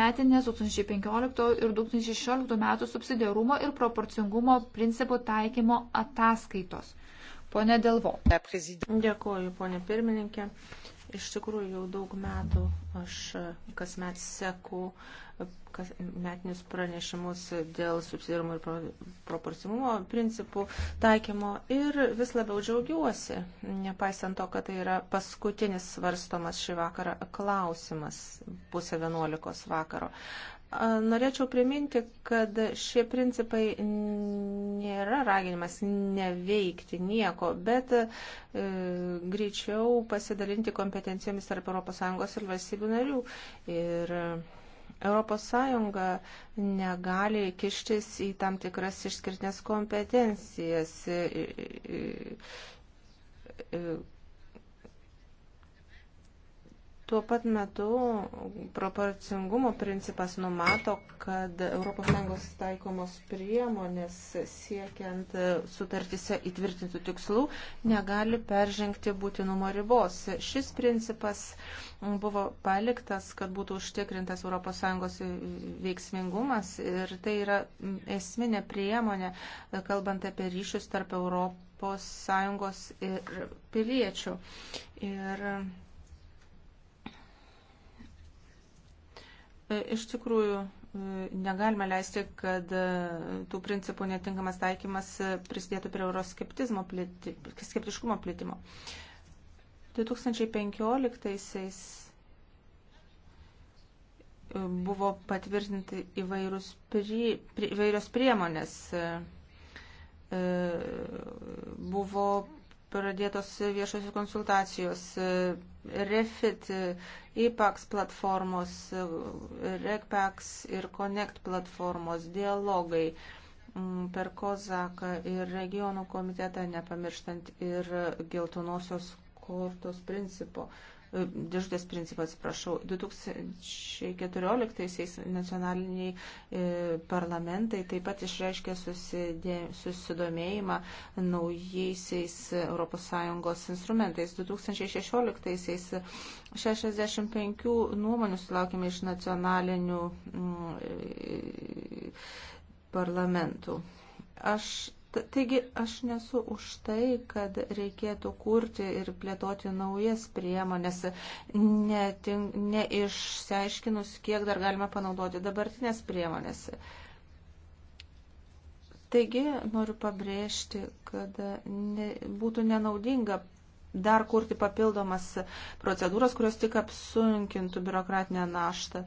metinės 2015 ir 2016 metų subsidiarumo ir proporcingumo principų taikymo ataskaitos. Pone Delvo. Dėkuoju, ponė pirmininkė. Iš tikrųjų, jau daug metų aš kasmet seku e, kas, metinius pranešimus dėl subsidiarumo ir pro, proporcimumo principų taikymo ir vis labiau džiaugiuosi, nepaisant to, kad tai yra paskutinis svarstomas šį vakarą klausimas pusę vienuolikos vakaro. Norėčiau priminti, kad šie principai nėra raginimas neveikti nieko, bet e, greičiau pasidalinti kompetencijomis tarp ES ir valstybių narių. Ir ES negali kištis į tam tikras išskirtinės kompetencijas. E, e, e, Tuo pat metu proporcingumo principas numato, kad ES taikomos priemonės siekiant sutartise įtvirtintų tikslų negali peržengti būtinumo ribos. Šis principas buvo paliktas, kad būtų užtikrintas ES veiksmingumas ir tai yra esminė priemonė, kalbant apie ryšius tarp ES ir piliečių. Ir E, iš tikrųjų, e, negalime leisti, kad e, tų principų netinkamas taikymas prisidėtų prie euroskeptizmo plėti, skeptiškumo plėtimo. 2015-aisiais buvo patvirtinti įvairius prie, prie, įvairios priemonės. Buvo pradėtos viešosios konsultacijos, Refit, IPAX platformos, RegPax ir Connect platformos, dialogai mm, per Kozaką ir regionų komitetą, nepamirštant ir geltonosios kortos principo dėžutės principą, atsiprašau, 2014-aisiais nacionaliniai e, parlamentai taip pat išreiškė susidė, susidomėjimą naujaisiais ES instrumentais. 2016-aisiais 65 nuomonių sulaukėme iš nacionalinių mm, e, parlamentų. Aš Taigi aš nesu už tai, kad reikėtų kurti ir plėtoti naujas priemonės, neišsiaiškinus, ne kiek dar galima panaudoti dabartinės priemonės. Taigi noriu pabrėžti, kad ne, būtų nenaudinga dar kurti papildomas procedūras, kurios tik apsunkintų biurokratinę naštą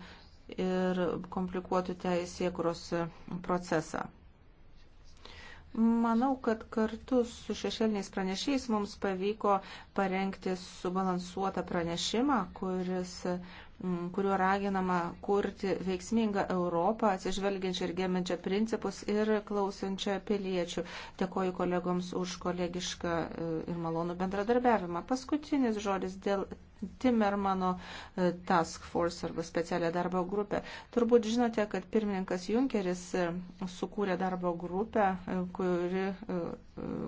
ir komplikuotų teisėkuros procesą. Manau, kad kartu su šešėliniais pranešiais mums pavyko parengti subalansuotą pranešimą, kuris kuriuo raginama kurti veiksmingą Europą, atsižvelgiančią ir gėminčią principus ir klausančią piliečių. Dėkoju kolegoms už kolegišką e, ir malonų bendradarbiavimą. Paskutinis žodis dėl Timmermano e, Task Force arba specialią darbo grupę. Turbūt žinote, kad pirmininkas Junkeris e, sukūrė darbo grupę, kuri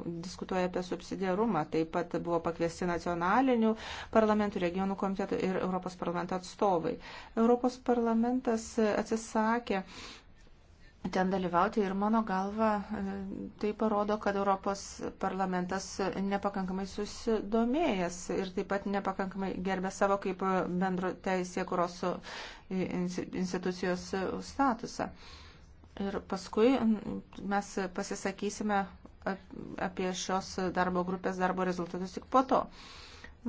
diskutuoja apie subsidiarumą. Taip pat buvo pakviesti nacionalinių parlamentų, regionų komitetų ir Europos parlamento atstovai. Europos parlamentas atsisakė ten dalyvauti ir mano galva tai parodo, kad Europos parlamentas nepakankamai susidomėjęs ir taip pat nepakankamai gerbė savo kaip bendro teisė kuros institucijos statusą. Ir paskui mes pasisakysime apie šios darbo grupės darbo rezultatus tik po to.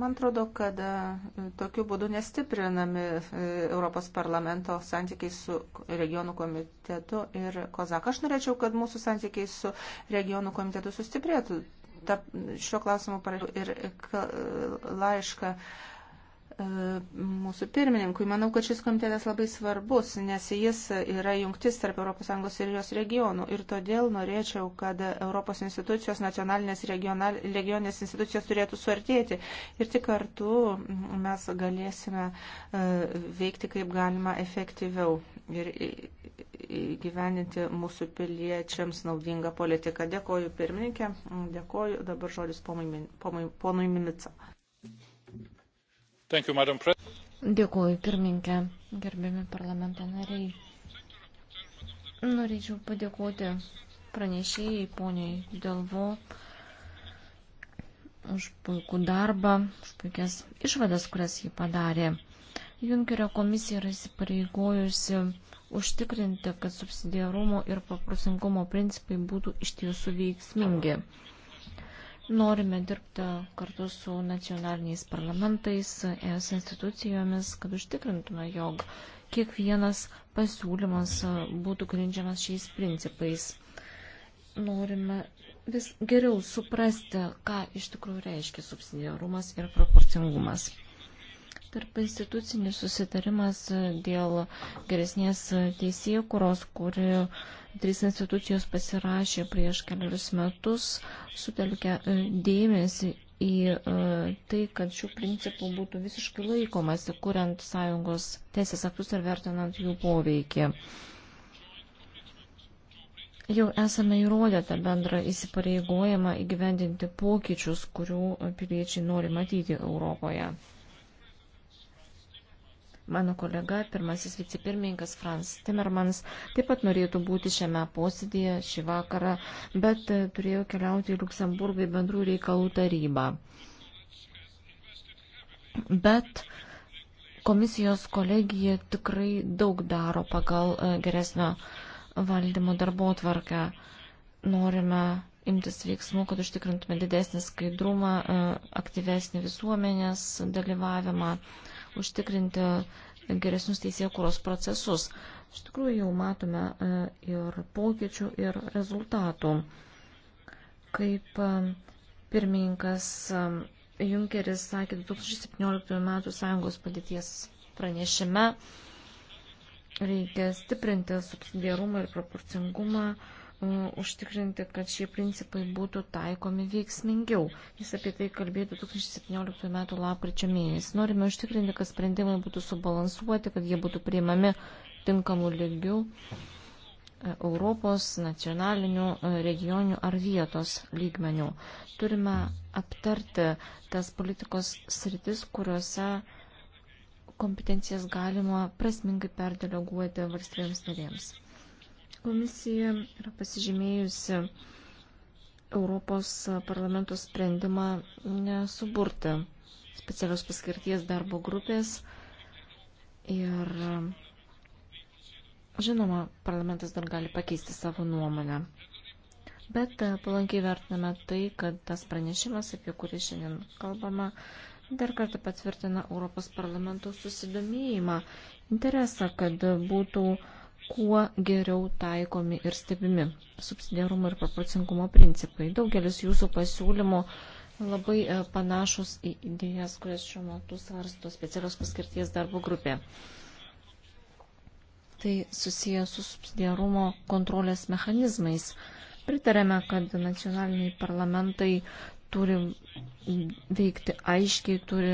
Man atrodo, kad e, tokiu būdu nestiprinami e, Europos parlamento santykiai su regionų komitetu ir Kozak. Aš norėčiau, kad mūsų santykiai su regionų komitetu sustiprėtų. Ta, šio klausimu parašiau ir laišką E, mūsų pirmininkui. Manau, kad šis komitetas labai svarbus, nes jis yra jungtis tarp ES ir jos regionų. Ir todėl norėčiau, kad Europos institucijos, nacionalinės regional, regioninės institucijos turėtų suartėti. Ir tik kartu mes galėsime e, veikti kaip galima efektyviau ir gyveninti mūsų piliečiams naudingą politiką. Dėkoju pirmininkė, dėkoju dabar žodis ponui Mimica. Dėkuoju, pirmininkė, gerbiami parlamento nariai. Norėčiau padėkoti pranešėjai, poniai Delvo, už puikų darbą, už puikias išvadas, kurias jį padarė. Junkerio komisija yra įsipareigojusi užtikrinti, kad subsidiarumo ir paprasingumo principai būtų iš tiesų veiksmingi. Okay. Norime dirbti kartu su nacionaliniais parlamentais, ES institucijomis, kad užtikrintume, jog kiekvienas pasiūlymas būtų grindžiamas šiais principais. Norime vis geriau suprasti, ką iš tikrųjų reiškia subsidiarumas ir proporcingumas. Tarp institucinis susitarimas dėl geresnės teisėjų, kurios, kuri trys institucijos pasirašė prieš kelius metus, sutelkia e, dėmesį į e, tai, kad šių principų būtų visiškai laikomasi, kuriant sąjungos teisės aktus ir vertinant jų poveikį. Jau esame įrodę tą bendrą įsipareigojimą įgyvendinti pokyčius, kurių piliečiai nori matyti Europoje. Mano kolega, pirmasis vicepirmininkas Frans Timmermans, taip pat norėtų būti šiame posėdėje šį vakarą, bet e, turėjo keliauti į Luksemburgą į bendrų reikalų tarybą. Bet komisijos kolegija tikrai daug daro pagal e, geresnio valdymo darbo tvarkę. Norime imtis veiksmų, kad užtikrintume didesnį skaidrumą, e, aktyvesnį visuomenės dalyvavimą užtikrinti geresnius teisėkūros procesus. Iš tikrųjų jau matome e, ir pokyčių, ir rezultatų. Kaip e, pirmininkas e, Junkeris sakė 2017 m. sąjungos padėties pranešime, reikia stiprinti subsidiarumą ir proporcingumą užtikrinti, kad šie principai būtų taikomi veiksmingiau. Jis apie tai kalbėjo 2017 m. lapkričio mėnesį. Norime užtikrinti, kad sprendimai būtų subalansuoti, kad jie būtų priimami tinkamų lygių e, Europos, nacionalinių, e, regioninių ar vietos lygmenių. Turime aptarti tas politikos sritis, kuriuose kompetencijas galima prasmingai perdeleguoti valstybėms narėms. Komisija yra pasižymėjusi Europos parlamento sprendimą nesuburti specialios paskirties darbo grupės ir žinoma, parlamentas dar gali pakeisti savo nuomonę. Bet e, palankiai vertiname tai, kad tas pranešimas, apie kurį šiandien kalbama, dar kartą patvirtina Europos parlamento susidomėjimą, interesą, kad būtų uh, kuo geriau taikomi ir stebimi subsidiarumo ir proporcingumo principai. Daugelis jūsų pasiūlymų labai e, panašus į idėjas, kurias šiuo metu svarsto specialios paskirties darbo grupė. Tai susijęs su subsidiarumo kontrolės mechanizmais. Pritarėme, kad nacionaliniai parlamentai turi veikti aiškiai, turi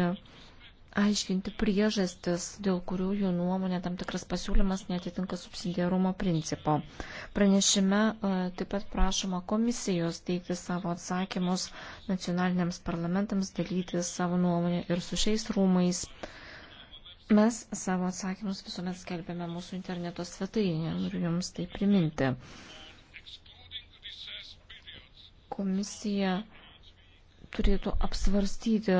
aiškinti priežastis, dėl kurių jų nuomonė tam tikras pasiūlymas netitinka subsidiarumo principo. Pranešime e, taip pat prašoma komisijos teikti savo atsakymus nacionaliniams parlamentams, dalyti savo nuomonę ir su šiais rūmais. Mes savo atsakymus visuomet skelbėme mūsų interneto svetainėje, noriu Jums tai priminti. Komisija turėtų apsvarstyti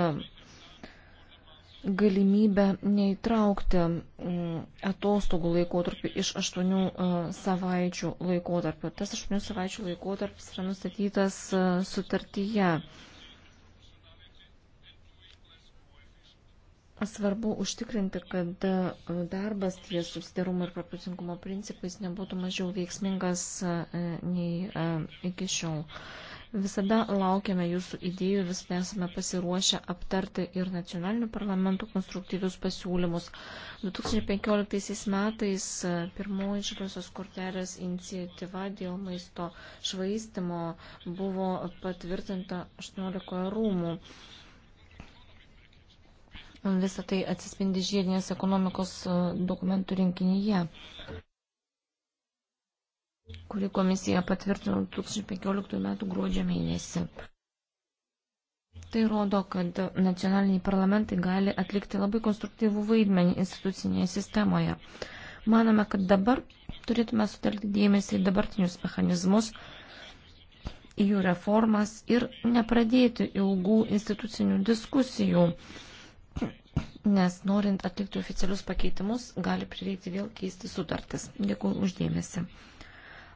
galimybę neįtraukti mm, atostogų laikotarpį iš 8 e, savaičių laikotarpio. Tas 8 savaičių laikotarpis yra nustatytas e, sutartyje. Svarbu užtikrinti, kad e, darbas ties susidarumo ir proporcingumo principais nebūtų mažiau veiksmingas nei iki šiol. Visada laukiame jūsų idėjų, visada esame pasiruošę aptarti ir nacionalinių parlamentų konstruktyvius pasiūlymus. 2015 metais e, pirmoji žaliosios kortelės iniciatyva dėl maisto švaistimo buvo patvirtinta 18 rūmų. Visą tai atsispindi žiedinės ekonomikos e, dokumentų rinkinyje kurį komisija patvirtino 2015 m. gruodžio mėnesį. Tai rodo, kad nacionaliniai parlamentai gali atlikti labai konstruktyvų vaidmenį institucinėje sistemoje. Manome, kad dabar turėtume sutelkti dėmesį į dabartinius mechanizmus, į jų reformas ir nepradėti ilgų institucinių diskusijų, nes norint atlikti oficialius pakeitimus, gali prireikti vėl keisti sutartis. Dėkuoju uždėmesi.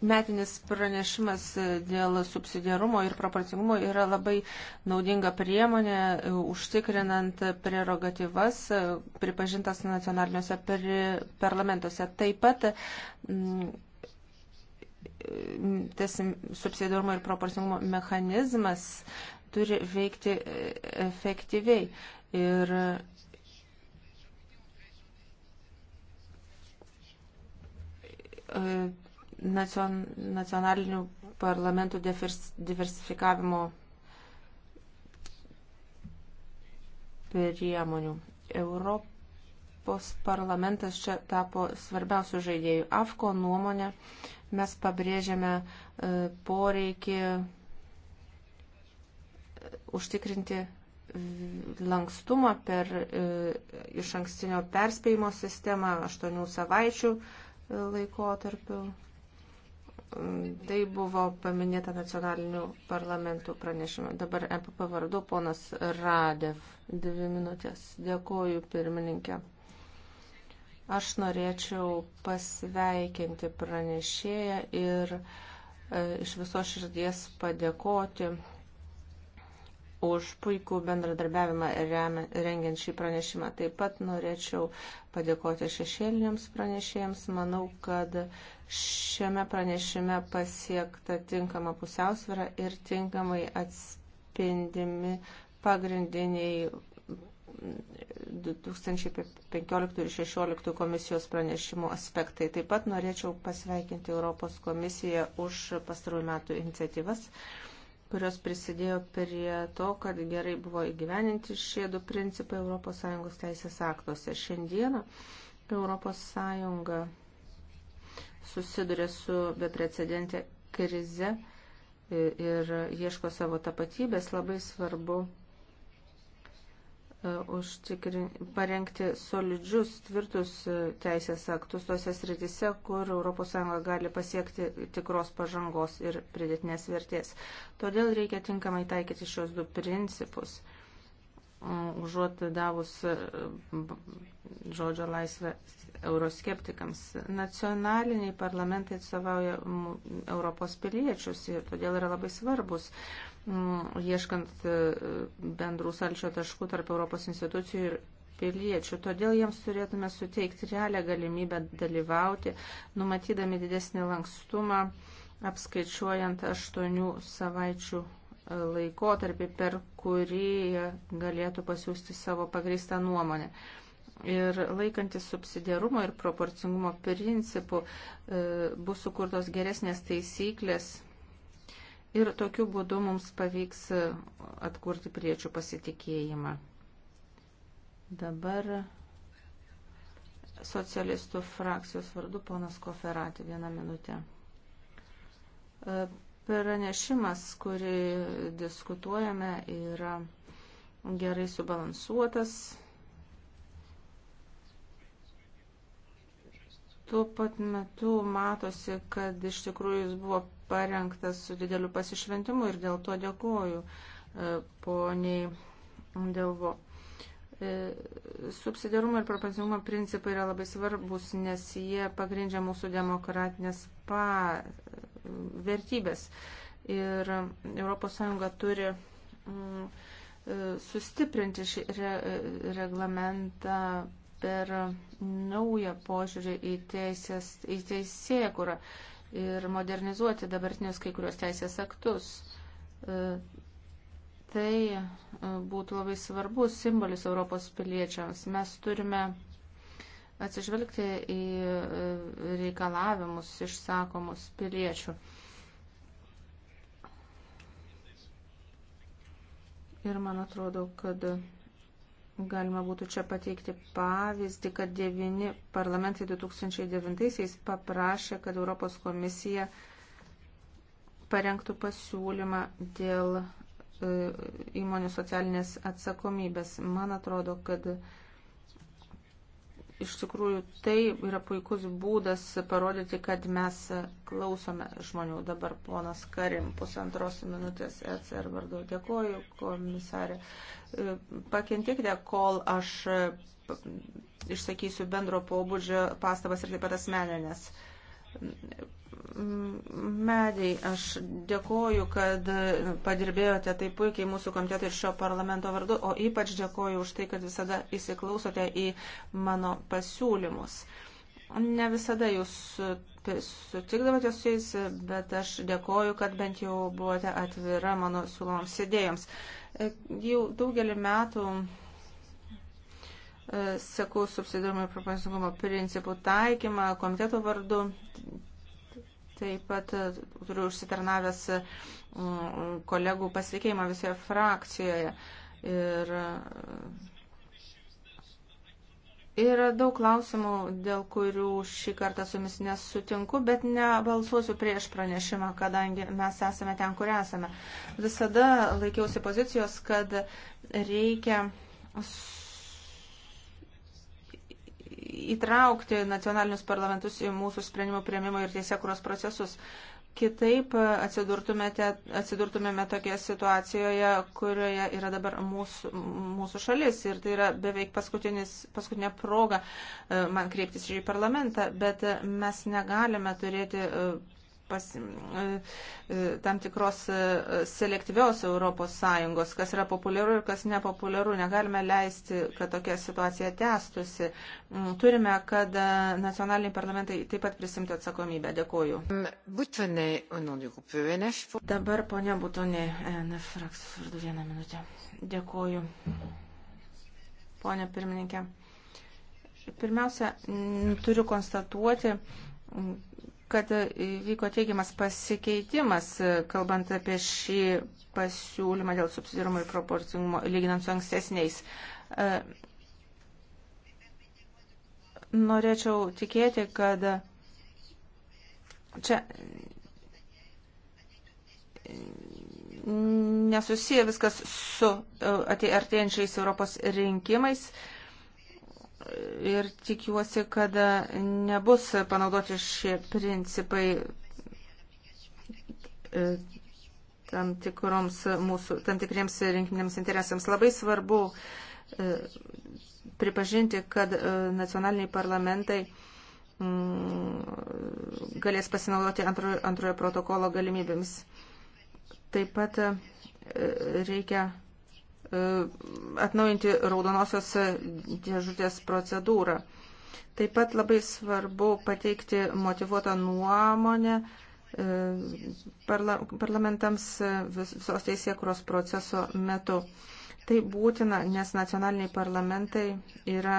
metinis pranešimas dėl subsidiarumo ir proporcingumo yra labai naudinga priemonė e, užtikrinant prerogatyvas e, pripažintas nacionaliniuose parlamentuose. Taip pat mm, e, tas subsidiarumo ir proporcingumo mechanizmas turi veikti efektyviai. Ir nacion, nacionalinių parlamentų diversifikavimo priemonių. Europos parlamentas čia tapo svarbiausių žaidėjų. AFKO nuomonė mes pabrėžiame e, poreikį e, užtikrinti lankstumą per e, iš ankstinio perspėjimo sistemą aštuonių savaičių laikotarpiu Tai buvo paminėta nacionalinių parlamentų pranešime. Dabar MPP e vardu ponas Radev. Dvi minutės. Dėkoju pirmininkė. Aš norėčiau pasveikinti pranešėją ir e, iš viso širdies padėkoti už puikų bendradarbiavimą rengiant šį pranešimą. Taip pat norėčiau padėkoti šešėliniams pranešėjams. Manau, kad šiame pranešime pasiekta tinkama pusiausvėra ir tinkamai atspindimi pagrindiniai 2015 ir 2016 komisijos pranešimų aspektai. Taip pat norėčiau pasveikinti Europos komisiją už pastarųjų metų iniciatyvas, kurios prisidėjo prie to, kad gerai buvo įgyveninti šie du principai ES teisės aktuose. Šiandieną ES susiduria su beprecedentė krize ir ieško savo tapatybės, labai svarbu e, užtikrin, parengti solidžius, tvirtus e, teisės aktus tose sritise, kur ES gali pasiekti tikros pažangos ir pridėtinės vertės. Todėl reikia tinkamai taikyti šios du principus užuot davus e, žodžio laisvę euroskeptikams. Nacionaliniai parlamentai atstovauja Europos piliečius ir todėl yra labai svarbus ieškant e, bendrų salčio taškų tarp Europos institucijų ir piliečių. Todėl jiems turėtume suteikti realią galimybę dalyvauti, numatydami didesnį lankstumą, apskaičiuojant aštuonių savaičių laikotarpį, per kurį galėtų pasiūsti savo pagrįstą nuomonę. Ir laikantis subsidiarumo ir proporcingumo principų e, bus sukurtos geresnės taisyklės ir tokiu būdu mums pavyks e, atkurti priečių pasitikėjimą. Dabar socialistų frakcijos vardu ponas Koferati vieną minutę. E, Pranešimas, kurį diskutuojame, yra gerai subalansuotas. Tuo pat metu matosi, kad iš tikrųjų jis buvo parengtas su dideliu pasišventimu ir dėl to dėkoju e, poniai Delvo. E, subsidiarumo ir proporcingumo principai yra labai svarbus, nes jie pagrindžia mūsų demokratinės pa... vertybės. Ir ES turi mm, e, sustiprinti šį re... reglamentą per naują požiūrį į, teisės, į teisėkurą ir modernizuoti dabartinius kai kurios teisės aktus e, Tai e, būtų labai svarbus simbolis Europos piliečiams. Mes turime atsižvelgti į e, reikalavimus išsakomus piliečių. Ir man atrodo, kad galima būtų čia pateikti pavyzdį, kad devyni parlamentai 2009-aisiais paprašė, kad Europos komisija parengtų pasiūlymą dėl E, įmonių socialinės atsakomybės. Man atrodo, kad iš tikrųjų tai yra puikus būdas parodyti, kad mes klausome žmonių. Dabar ponas Karim, pusantros minutės ECR vardu. Dėkoju, komisarė. E, Pakentiekite, kol aš e, išsakysiu bendro pobūdžio pastabas ir taip pat asmeninės. Uh, Mediai, aš dėkoju, kad padirbėjote taip puikiai mūsų komiteto ir šio parlamento vardu, o ypač dėkoju už tai, kad visada įsiklausote į mano pasiūlymus. Ne visada jūs sutikdavote su jais, bet aš dėkoju, kad bent jau buvote atvira mano siūloms idėjoms. Jau daugelį metų E, sekau subsidiarumo ir proporcingumo principų taikymą komiteto vardu. Taip pat e, turiu užsitarnavęs e, kolegų pasveikėjimą visoje frakcijoje. Ir yra daug klausimų, dėl kurių šį kartą su jumis nesutinku, bet nebalsuosiu prieš pranešimą, kadangi mes esame ten, kur esame. Visada laikiausi pozicijos, kad reikia įtraukti nacionalinius parlamentus į mūsų sprendimų prieimimo ir teisėkuros procesus. Kitaip atsidurtumėme tokioje situacijoje, kurioje yra dabar mūsų, mūsų šalis. Ir tai yra beveik paskutinė proga e, man kreiptis į parlamentą, bet mes negalime turėti e, pas, e, e, tam tikros e, selektyvios ES, kas yra populiaru ir kas nepopuliaru. Negalime leisti, kad tokia situacija tęstusi. Mm, turime, kad nacionaliniai parlamentai taip pat prisimtų atsakomybę. Dėkuoju. Mm, Dabar ponia Butonė, NF frakcijos vardu vieną minutę. Dėkuoju. Pone pirmininkė. Pirmiausia, turiu konstatuoti, kad vyko teigiamas pasikeitimas, kalbant apie šį pasiūlymą dėl subsidirumo ir proporcingumo, lyginant su ankstesniais. E, norėčiau tikėti, kad čia nesusiję viskas su e, artėjančiais Europos rinkimais. Uh, ir tikiuosi, kad nebus panaudoti šie principai e, tam, mūsų, tam tikriems rinkiniams interesams. Labai svarbu e, pripažinti, kad e, nacionaliniai parlamentai mm, galės pasinaudoti antrojo, antrojo protokolo galimybėmis. Taip pat reikia E, atnaujinti raudonosios dėžutės procedūrą. Taip pat labai svarbu pateikti motivuotą nuomonę e, parla, parlamentams visos teisėkuros proceso metu. Tai būtina, nes nacionaliniai parlamentai yra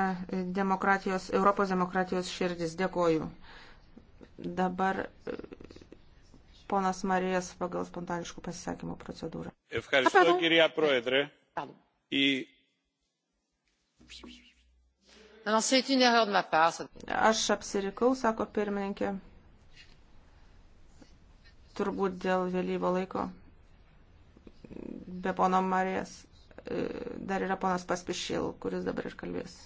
demokratijos, Europos demokratijos širdis. Dėkoju. Dabar e, ponas Marijas pagal spontaniškų pasisakymų procedūrą. Ευχαριστώ, κυρία Πρόεδρε. Aš apsirikau, sako pirmininkė. Turbūt dėl vėlyvo laiko. Be pono Marijas e, dar yra ponas Paspišil, kuris dabar ir kalbės.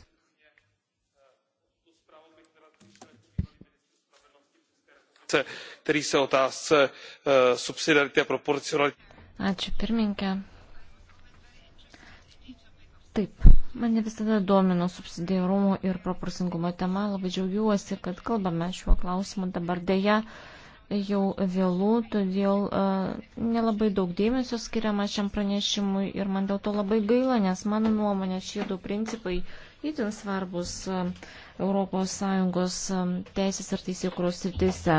který se otázce e, subsidiarity a proporcionality. Ačiū pirmininkė. Taip, mane visada domino subsidiarumo ir proporcingumo tema. Labai džiaugiuosi, kad kalbame šiuo klausimu dabar dėja jau vėlų, todėl e, nelabai daug dėmesio skiriama šiam pranešimui ir man dėl to labai gaila, nes mano nuomonė šie du principai itin svarbus ES e, teisės ir teisėkuros sritise.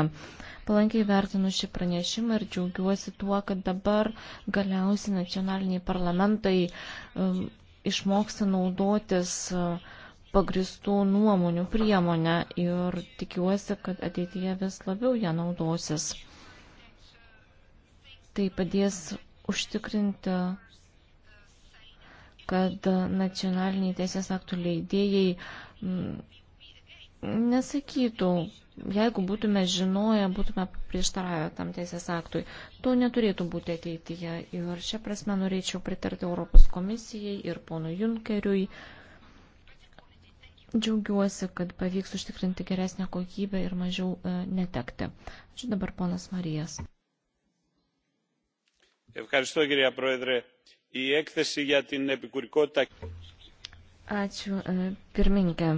Palankiai vertinu šį pranešimą ir džiaugiuosi tuo, kad dabar galiausiai nacionaliniai parlamentai e, išmoksti naudotis e, pagristų nuomonių priemonę ir tikiuosi, kad ateityje vis labiau ją naudosis. Tai padės užtikrinti, kad nacionaliniai teisės aktų leidėjai nesakytų, jeigu būtume žinoję, būtume prieštaravę tam teisės aktui. To neturėtų būti ateityje. Ir šią prasme norėčiau pritarti Europos komisijai ir pono Junkeriui. Džiaugiuosi, kad pavyks užtikrinti geresnę kokybę ir mažiau e, netekti. Ačiū dabar ponas Marijas. Ačiū, e, pirmininkė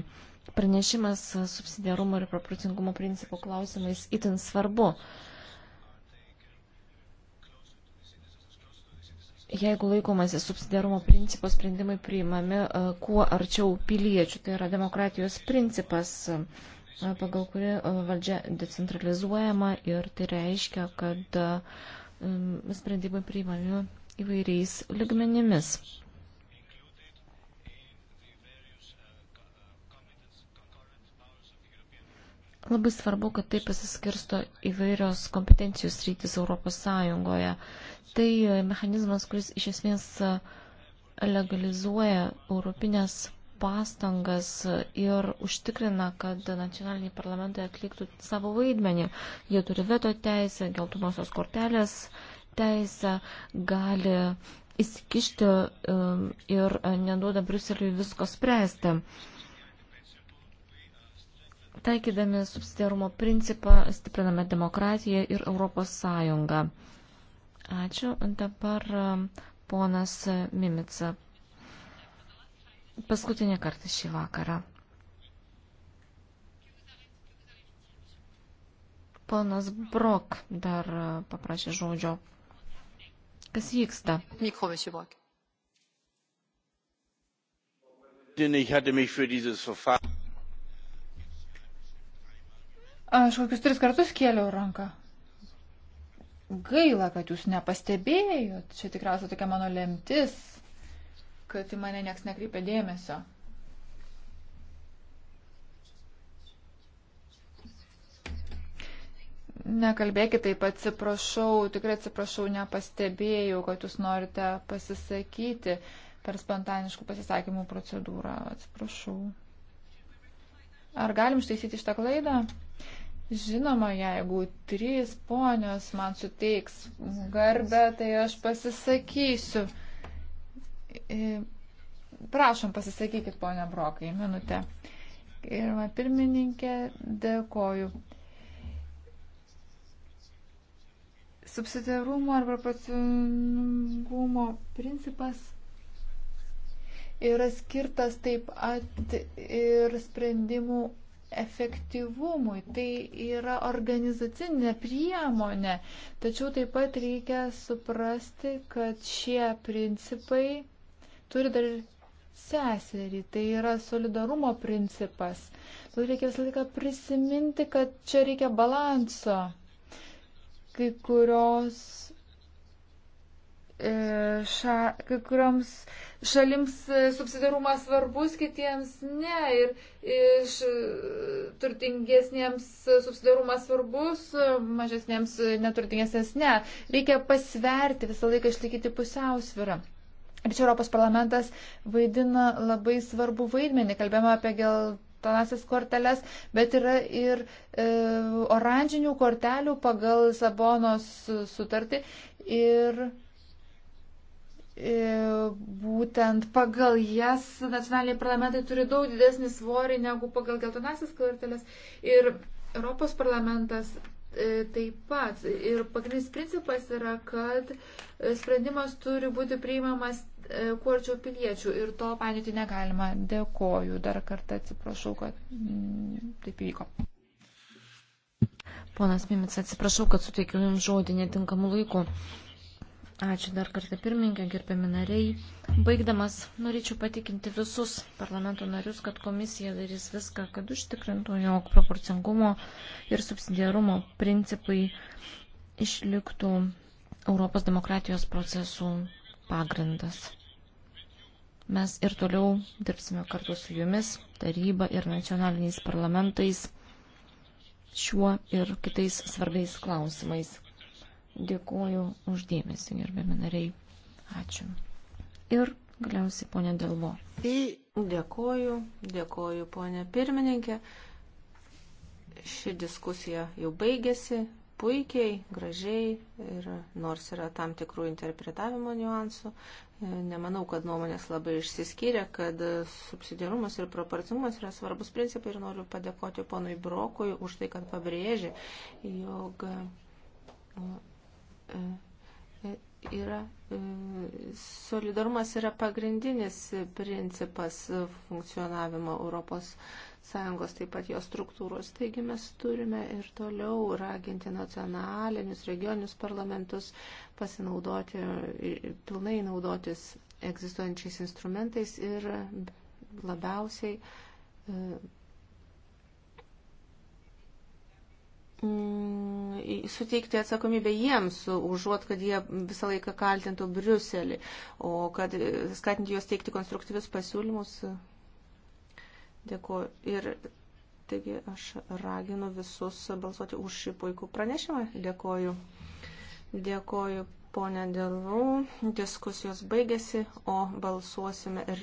pranešimas subsidiarumo ir proporcingumo principų klausimais itin svarbu. Jeigu laikomasi subsidiarumo principo, sprendimai priimami e, kuo arčiau piliečių, tai yra demokratijos principas, e, pagal kuri e, valdžia decentralizuojama ir tai reiškia, kad sprendimai priimami įvairiais ligmenimis. Labai svarbu, kad tai pasiskirsto įvairios kompetencijų sritis Europos Sąjungoje. Tai e, mechanizmas, kuris iš esmės e, legalizuoja europinės pastangas e, ir užtikrina, kad nacionaliniai parlamentai atliktų savo vaidmenį. Jie turi veto teisę, geltonosios kortelės teisę, gali įsikišti ir neduoda Bruseliui visko spręsti. Taikydami subsidiarumo principą stipriname demokratiją ir Europos Sąjungą. Ačiū. Dabar um, ponas Mimica. Paskutinį kartą šį vakarą. Ponas Brok dar uh, paprašė žodžio. Kas vyksta? Mikro, monsieur Brok. Ich hatte mich für dieses Verfahren. Aš kokius tris kartus kėliau ranką. Gaila, kad jūs nepastebėjot. Čia tikriausiai tokia mano lemtis, kad į mane nieks nekreipia dėmesio. Nekalbėkit taip, atsiprašau, tikrai atsiprašau, nepastebėjau, kad jūs norite pasisakyti per spontaniškų pasisakymų procedūrą. Atsiprašau. Ar galim ištaisyti šitą klaidą? Žinoma, jeigu trys ponios man suteiks garbę, tai aš pasisakysiu. E, prašom, pasisakykit, ponia Brokai, minutę. Ir man pirmininkė, dėkoju. Subsidiarumo arba proporcingumo principas yra skirtas taip pat ir sprendimų efektyvumui. Tai yra organizacinė priemonė. Tačiau taip pat reikia suprasti, kad šie principai turi dar seserį. Tai yra solidarumo principas. Todėl reikia visą laiką prisiminti, kad čia reikia balanso. Kai kurios. E, ša, kai kurioms e, šalims e, subsidarumas svarbus, kitiems ne. Ir iš e, turtingesniems subsidarumas svarbus, e, mažesniems neturtingesniems ne. Reikia pasverti, visą laiką išlaikyti pusiausvyrą. Ir čia Europos parlamentas vaidina labai svarbu vaidmenį. Kalbėjome apie geltonasias korteles, bet yra ir e, oranžinių kortelių pagal Sabonos sutartį. Ir E, būtent pagal jas nacionaliniai parlamentai turi daug didesnį svorį negu pagal geltonasis kortelės. Ir Europos parlamentas e, taip pat. Ir pagrindinis principas yra, kad e, sprendimas turi būti priimamas kuo arčiau piliečių ir to painioti negalima. Dėkoju. Dar kartą atsiprašau, kad mm, taip įvyko. Ponas Mimic, atsiprašau, kad suteikiu Jums žodį netinkamų laikų. Ačiū dar kartą pirmininkė, gerbiami nariai. Baigdamas, norėčiau patikinti visus parlamento narius, kad komisija darys viską, kad užtikrintų, jog proporcingumo ir subsidiarumo principai išliktų Europos demokratijos procesų pagrindas. Mes ir toliau dirbsime kartu su jumis, taryba ir nacionaliniais parlamentais šiuo ir kitais svarbiais klausimais Dėkuoju uždėmesi, gerbėmi nariai. Ačiū. Ir galiausiai ponė Dalvo. Dėkuoju, dėkuoju ponė pirmininkė. Ši diskusija jau baigėsi puikiai, gražiai ir nors yra tam tikrų interpretavimo niuansų, e, nemanau, kad nuomonės labai išsiskyrė, kad subsidiarumas ir proporcingumas yra svarbus principai ir noriu padėkoti ponui Brokui už tai, kad pabrėžė, jog E, yra, e, solidarumas yra pagrindinis principas funkcionavimo Europos Sąjungos, taip pat jos struktūros. Taigi mes turime ir toliau raginti nacionalinius, regioninius parlamentus pasinaudoti, e, pilnai naudotis egzistuojančiais instrumentais ir labiausiai Mm, suteikti atsakomybę jiems, užuot, kad jie visą laiką kaltintų Briuselį, o kad e, skatinti juos teikti konstruktyvius pasiūlymus. Dėkuoju. Ir taigi aš raginu visus balsuoti už šį puikų pranešimą. Dėkuoju. Dėkuoju, ponė Dėlų. Diskusijos baigėsi, o balsuosime.